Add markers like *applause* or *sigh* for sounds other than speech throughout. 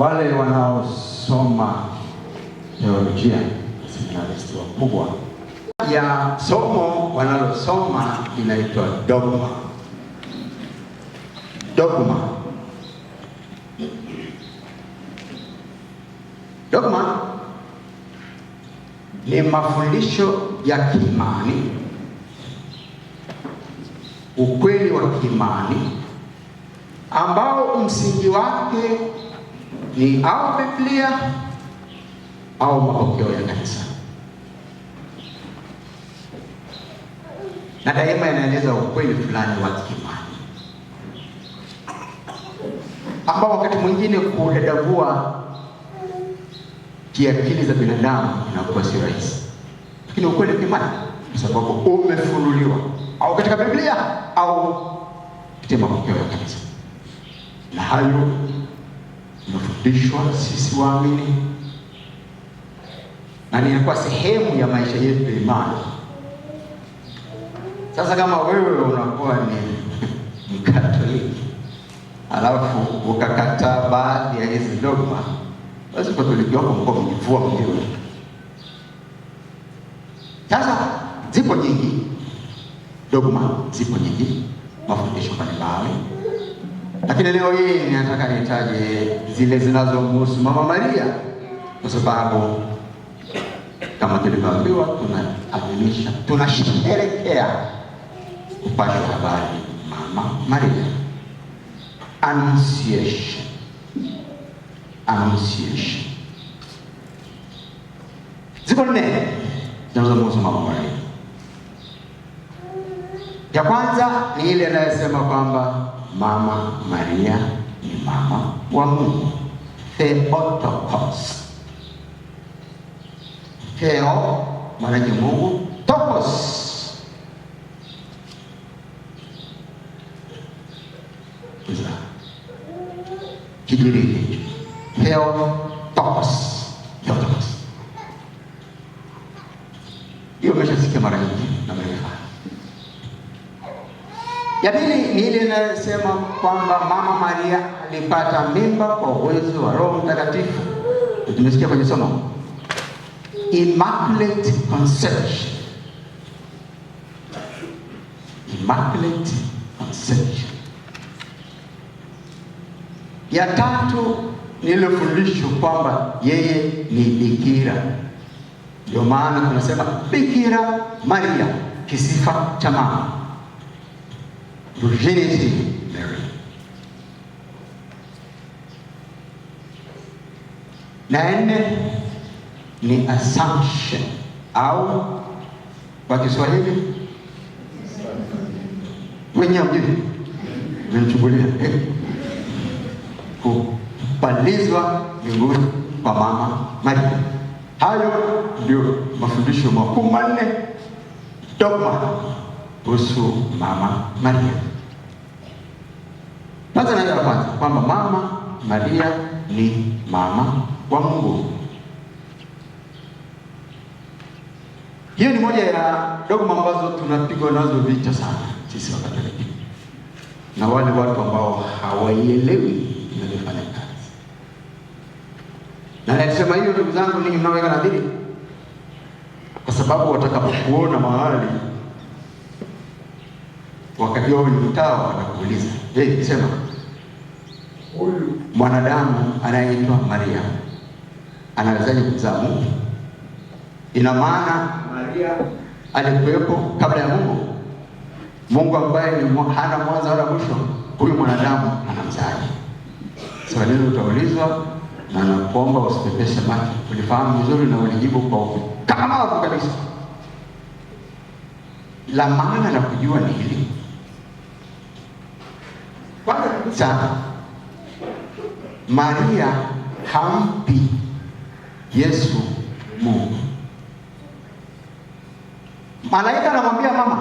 wale wanaosoma teolojia seminaristi wakubwa ya somo wanalosoma inaitwa dogma. Dogma, dogma ni mafundisho ya kiimani, ukweli wa kiimani ambao msingi wake ni au Biblia au mapokeo ya kanisa, na daima inaeleza ukweli fulani wa kiimani ambao wakati mwingine kudadavua kiakili za binadamu inakuwa si rahisi, lakini ukweli kimani kwa sababu umefunuliwa au katika Biblia au katika mapokeo ya kanisa na hayo tunafundishwa sisi waamini na inakuwa sehemu ya maisha yetu ya imani. Sasa kama wewe unakuwa ni *laughs* Mkatoliki alafu ukakataa baadhi ya hizi dogma, basi Katoliki wako mko mjivua mwenyewe. Sasa zipo nyingi dogma, zipo nyingi mafundisho mbalimbali lakini leo hii nataka nitaje zile zinazomhusu Mama Maria kwa sababu kama tulivyoambiwa tunaadhimisha, tunasherehekea upate habari Mama Maria. Annunciation, Annunciation ziko nne zinazomhusu Mama Maria. Ya kwanza ni ile inayosema kwamba Mama Maria e mama wa de Theotokos. Theo maana yake Mungu, tokos kiduri é. tocos. Eu Theotokos. Hiyo umeshasikia mara nyingi na E a pili ile inayosema kwamba mama Maria alipata mimba kwa uwezo wa Roho Mtakatifu. Tumesikia kwenye somo Immaculate Conception. Immaculate Conception. Ya tatu nilifundishwa kwamba yeye ni bikira, ndio maana tunasema Bikira Maria, kisifa cha mama virginity Na nne ni assumption au kwa Kiswahili wenye mjini mechungulia kupandizwa mbinguni kwa mama Maria. Hayo ndio mafundisho makuu manne dogma kuhusu mama Maria. Kwanza naenda la kwanza kwamba mama Maria ni mama wa Mungu. Hiyo ni moja ya dogma ambazo tunapigwa nazo vita sana sisi Wakatoliki na wale watu ambao hawaielewi inavyofanya kazi. Na nasema hiyo, ndugu zangu, ninyi mnaoweka nadhiri, kwa sababu watakapokuona mahali wakajua ni mtawa, watakuuliza hey, eh, sema huyu mwanadamu anayeitwa Maria anawezaje kuzaa Mungu? Ina maana Maria alikuwepo kabla ya Mungu. Mungu ambaye ni hana mwanzo wala mwisho, huyu mwanadamu anamzaje? Swali hilo utaulizwa na nakuomba usipepeshe macho. Ulifahamu vizuri na ulijibu kwa kama wako kabisa. La maana la kujua ni hili kwanza Maria hampi Yesu Mungu. Malaika anamwambia mama,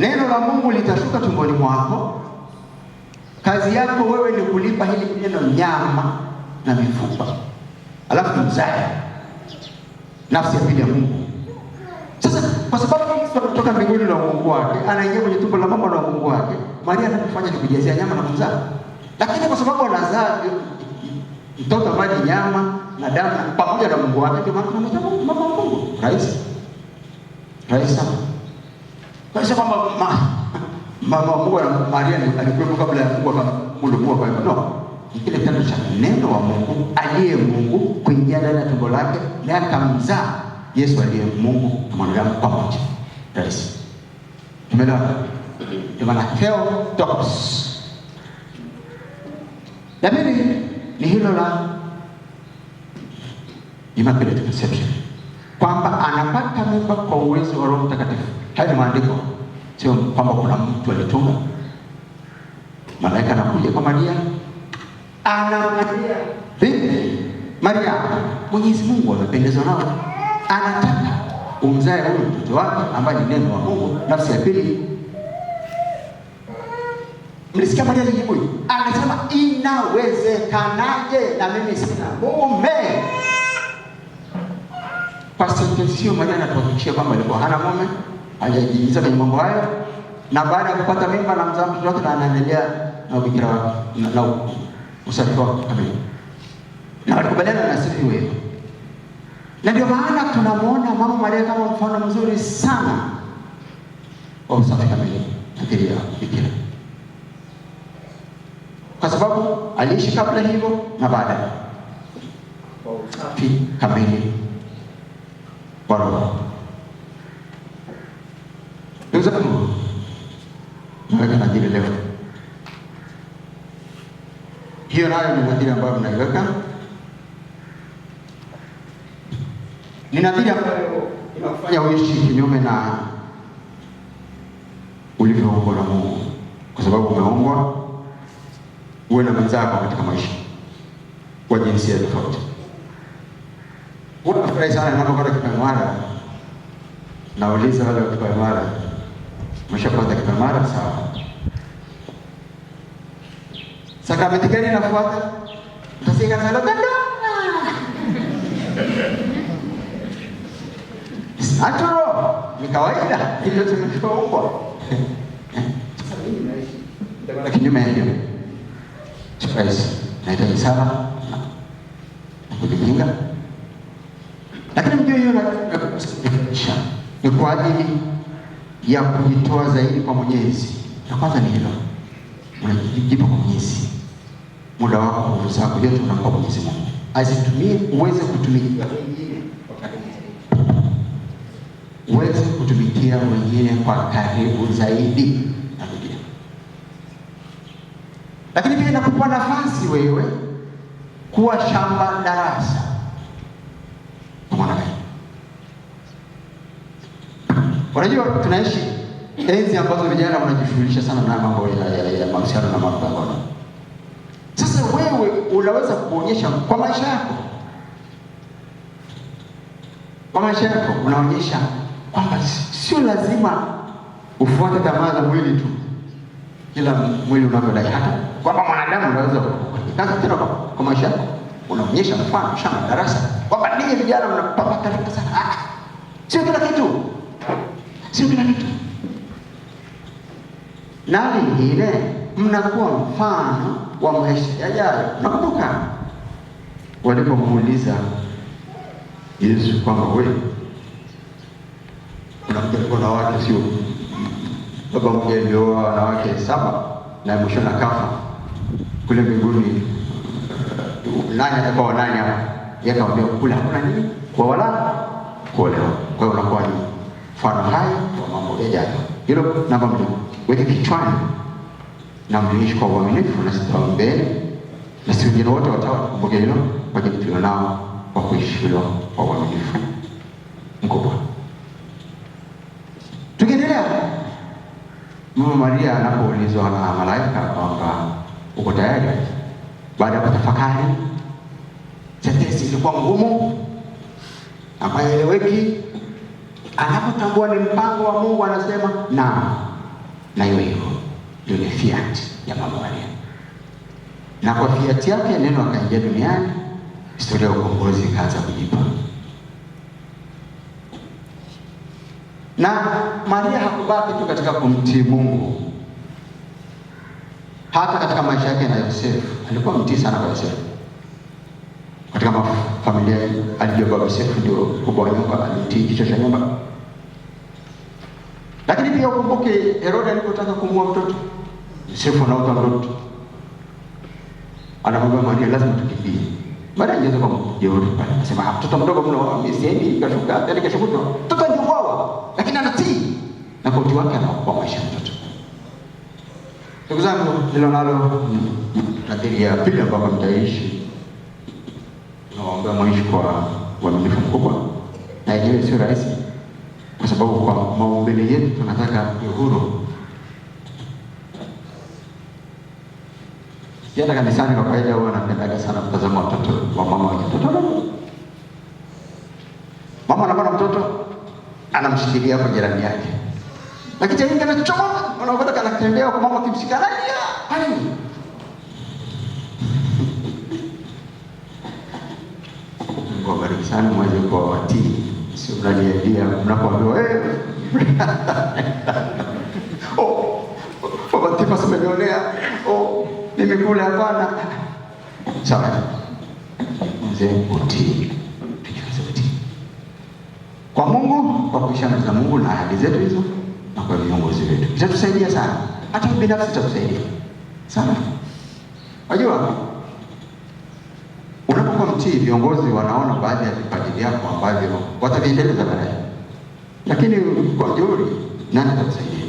neno la Mungu litashuka tumboni mwako, kazi yako wewe ni kulipa hili neno nyama na mifupa, alafu mzae nafsi ya pili ya Mungu. Sasa kwa sababu kutoka mbinguni na Mungu wake anaingia kwenye tumbo la mama na Mungu wake, Maria anakufanya ni kujazia nyama na mzaa lakini kwa sababu anazaa mtoto maji nyama na damu pamoja na Mungu wake, ndio maana tunamwita mama wa Mungu, rais rais sana. Kwa hiyo kwamba mama wa Mungu na Maria alikuwa kabla ya Mungu akamuumba. Kwa hiyo no, kile kitendo cha neno wa Mungu aliye Mungu kuingia ndani ya tumbo lake na akamzaa Yesu aliye Mungu na mwanadamu pamoja. Rais, tumeelewa? Ndio maana Theotokos la pili ni hilo la immaculate conception, kwamba anapata mimba kwa uwezo wa Roho Mtakatifu. Hayo ni maandiko, sio kwamba kuna mtu alitunga. Malaika anakuja kwa Maria, anamwambia vipi Maria, Mwenyezi Mungu anapendezwa nao, anataka umzae huyu mtoto wake ambaye ni neno wa Mungu, nafsi ya pili Mlisikia Maria jibu Anasema inawezekanaje na mimi sina mume? Kwa sentensi hiyo, Maria anatuhakikishia kwamba alikuwa hana mume, hajajiingiza kwenye mambo hayo, na baada ya kupata mimba na mzaa mtoto wake, na anaendelea na ubikira wake na na usafi wake kamili, na walikubaliana na sisi wewe. Na ndio maana tunamwona mama Maria kama mfano mzuri sana wa usafi kamili na pia bikira kwa sababu aliishi kabla hivyo na baada ya usafi kamili wa roho. Ndugu zangu, naweka nadhiri leo. Hiyo nayo ni nadhiri ambayo mnaiweka, ni nadhiri ambayo inakufanya uishi kinyume na ulivyoongwa na Mungu, kwa sababu umeongwa uwe na mwenzako katika maisha kwa jinsia tofauti. Unafurahi sana ninapokwenda Kipemara, nauliza wale wa Kipemara, umeshapata Kipemara? Sawa, sakramenti gani inafuata? Mtasika sala Dodoma, aturo ni kawaida, hivyo tumeshaumbwa kinyume hiyo *laughs* rais nahitaji sala na kujipinga, lakini mjue hiyo nakusikitisha ni kwa ajili ya kujitoa zaidi kwa Mwenyezi. Na kwanza ni hilo, unajipa kwa Mwenyezi, muda wako, nguvu zako, yote unakuwa Mwenyezi Mungu, asitumie uweze kutumikia wengine uweze kutumikia wengine kwa karibu zaidi lakini pia inakupa nafasi wewe kuwa shamba darasa Unajua, tunaishi enzi ambazo vijana wanajishughulisha sana na mambo ya mahusiano na mambo ya ngono. Sasa wewe unaweza kuonyesha kwa maisha yako, kwa maisha yako unaonyesha kwamba sio lazima ufuate tamaa za mwili tu, kila mwili unavyodai hata binadamu unaweza kupatikana tena kwa maisha yako. Unaonyesha mfano shamba darasa kwamba ninyi vijana mnapata taarifa sana. Ah, sio kila kitu, sio kila kitu na vingine mnakuwa mfano wa maisha yajayo. Nakumbuka walipomuuliza Yesu kwamba wewe unamtafuta na wake sio baba mgeni wa wanawake saba na mwisho na kafa kule mbinguni nani atakuwa nani hapa? Yeye akawaambia kule hakuna nini kwa wala kuolewa. Kwa hiyo unakuwa ni mfano hai wa mambo yajayo. Hilo namba mbili, weke kichwani na mtumishi kwa uaminifu na sifa mbele, na si wengine wote watawa kumbuka hilo, kwa tulio nao wa kuishi kwa uaminifu mkubwa. Tukiendelea, Mama Maria anapoulizwa na malaika kwamba Uko tayari? Baada ya kutafakari, sentensi ilikuwa ngumu, hapaeleweki. Anapotambua ni mpango wa Mungu, anasema na na hiyo hiyo ndio ni fiat ya Mama Maria, na kwa fiat yake neno akaingia duniani, historia ya ukombozi ikaanza kujipa. Na Maria hakubaki tu katika kumtii Mungu hata katika maisha yake na Yosefu. Alikuwa mtii sana kwa Yosefu katika familia aliyobaba. Yosefu ndio kubwa wa nyumba, alitii, kichwa cha nyumba. Lakini pia ukumbuke Herode alipotaka kumuua mtoto Yosefu, anaota mtoto, anamwambia Maria, lazima tukimbie. Mara nyingi kwa jeuri pale, anasema ah, mtoto mdogo mno, ah, mimi siendi, kashuka tena, kashukutwa mtoto, ndio lakini anatii na kwa utii wake anaokoa maisha mtoto. Ndugu zangu, hilo nalo nadhiri ya pili ambapo mtaishi, nawaombea mwishi kwa uaminifu mkubwa, na yenyewe sio rahisi, kwa sababu kwa maumbile yetu tunataka uhuru. Kienda kanisani kwa kawaida, huwa napendaga sana mtazamo watoto wa mama wake. Mtoto mama anapata mtoto, anamshikilia kwa jirani yake na kicheni kinachochomoka unakuta kanatembea kwa mama kimshika nani hali Mungu bariki sana mwaje kwa watii sio mnaniambia mnapoambiwa wewe oh baba tipa simeonea oh mimi hapana sawa mzee uti kwa Mungu kwa kuisha na Mungu na ahadi zetu hizo na kwa viongozi wetu, itatusaidia sana, hata binafsi itatusaidia sana. Unajua, unapokuwa mtii, viongozi wanaona baadhi ya vipaji vyako ambavyo wataviendeleza baadaye, lakini kwa jeuri, nani atakusaidia?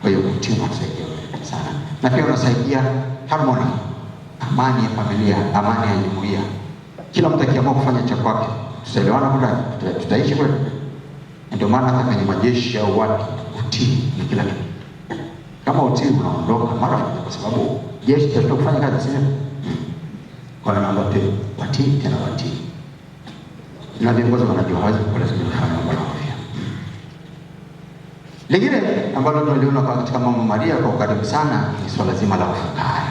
Kwa hiyo mtii unatusaidia sana, na pia unasaidia harmony, amani ya familia, amani ya jumuiya. Kila mtu akiamua kufanya cha kwake, tutaelewana, tutaishi kwetu ndio maana hata kwenye majeshi au watu utii ni kila kitu. Kama utii unaondoka mara moja, kwa sababu jeshi tatoka kufanya kazi sio hmm. Kwa namna yote, watii tena watii, na viongozi wanajua hawezi kulazimisha kufanya mambo yao. Hmm. Lingine ambalo tunaliona kwa katika Mama Maria kwa ukaribu sana ni swala zima la ufukara.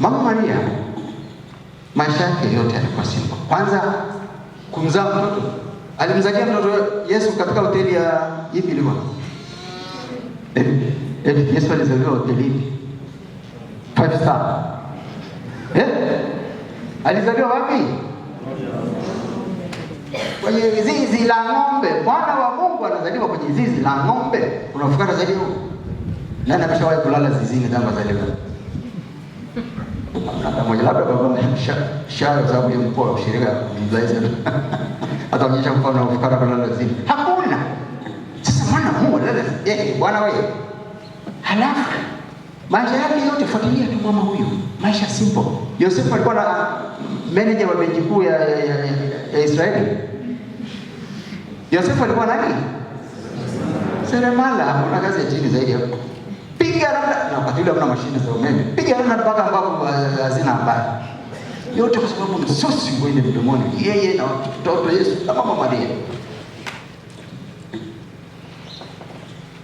Mama Maria maisha yake yote yalikuwa simple. Kwanza kumzaa mtoto. Alimzalia mtoto Yesu katika hoteli ya ipi ilikuwa? Eh, eh, Yesu alizaliwa hoteli ipi? Five star. Eh? Alizaliwa wapi? Kwenye zizi la ng'ombe. Mwana wa Mungu anazaliwa kwenye zizi la ng'ombe. zaidi huko. Nani ameshawahi kulala zizini tangu azaliwe? namba labda kwa shahara, sababu ya mkoa wa shirika mzazi ataonyesha mfano wa kwa kulala chini, hakuna. Sasa mwana mume lala eh, bwana wewe, halafu maisha yake yote fuatilia tu mama huyo maisha simple. Yosefu alikuwa na manager wa benki kuu ya, ya, ya, ya Israeli. Yosefu alikuwa nani? Seremala, kuna kazi ya chini zaidi hapo piga namna na wakati ule hakuna mashine za umeme, piga namna mpaka ambapo uh, hazina habari yote, kwa sababu msosi mwende mdomoni, yeye na mtoto Yesu na mama Maria.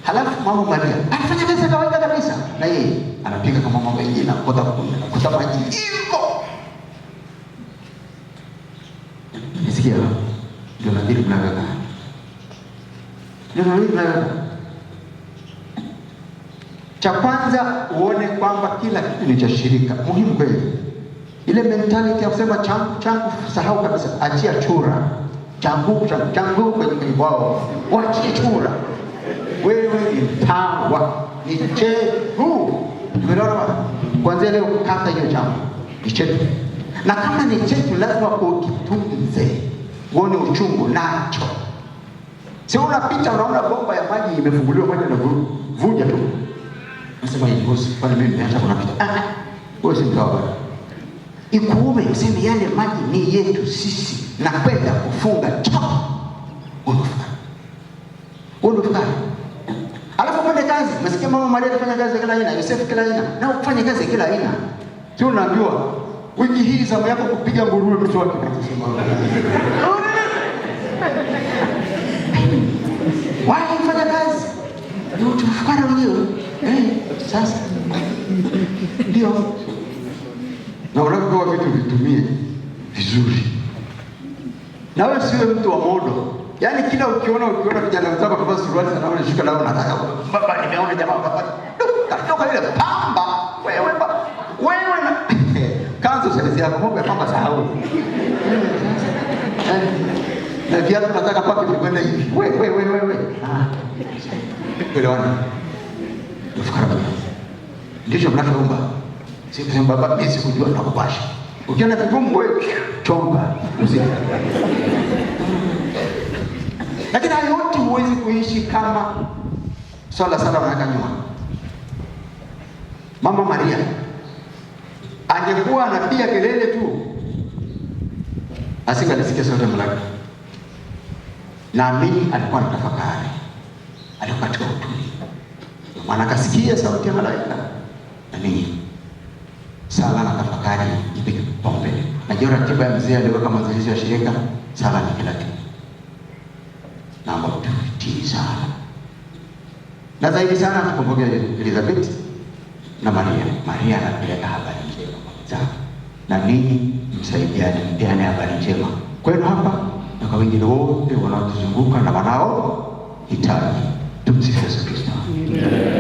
Halafu mama Maria anafanya kazi ya kawaida kabisa, na yeye anapiga kama mama wengine, anakota kuni, kota maji hivyo. Nisikia ndio nadhiri mnaga ndio nadhiri mnaga cha kwanza uone kwamba kila kitu ni cha shirika, muhimu kweli. Ile mentality ya kusema changu changu, sahau kabisa, achia chura changu changu changu kwenye kwao, wachie chura wewe, intawa ni chetu. Tumeona kwanza leo kata hiyo changu ni chetu, na kama ni chefu lazima ukitunze, uone uchungu nacho, sio unapita unaona bomba ya maji imefunguliwa maji na vuja tu Nasema hivi bosi, pale mimi nimeanza kunapita? Ah, wewe si mtawa. Ikuume useme yale maji ni yetu sisi na kwenda kufunga top. Unafika. Unafika. Alafu fanya kazi, nasikia mama Maria anafanya kazi kila aina, Yosef kila aina, na ufanye kazi kila aina. Si unaambiwa wiki hii zamu yako kupiga nguruwe mtu wake. Why fanya kazi? Ndio tufukara wenyewe eh, sasa ndio na unapewa vitu vitumie vizuri, na wewe siwe mtu wa modo. Yaani kila ukiona ukiona kijana wenzako kwa suruali sana wewe shika lao nataka baba, nimeona jamaa baba katoka ile pamba wewe baba. wewe na *laughs* kanzo sasa ya kumbe pamba sahau eh. na viatu nataka pake kwenda hivi wewe wewe wewe wewe. ah, elewana kama Ndicho mnavyoomba. Si kusema baba mimi sikujua nakupasha. Ukiona kipumu wewe chomba mzee. Lakini hayo yote huwezi kuishi kama swala sana miaka nyuma. Mama Maria angekuwa anapiga kelele tu asingalisikia sauti ya malaika. Naamini alikuwa anatafakari, alikuwa katika utu wanakasikia sauti ya malaika na nini. Sala na tafakari ipe kipaumbele. Najua ratiba ya mzee aliweka mazoezi ya shirika, sala ni kila kitu. Naomba tutii sala, na zaidi sana tukumbuke Elizabeth na Maria. Maria anapeleka habari njema kwa wenzake, na ninyi msaidiane, mpeane habari njema kwenu hapa na kwa wengine wote wanaotuzunguka na wanao hitaji. Tumsifu Yesu Kristo. amen.